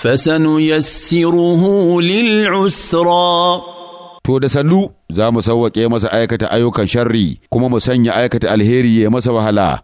فسنيسره للعسرى To da sannu za mu sauwaƙe masa aikata ayyukan sharri kuma mu sanya aikata alheri ya masa wahala.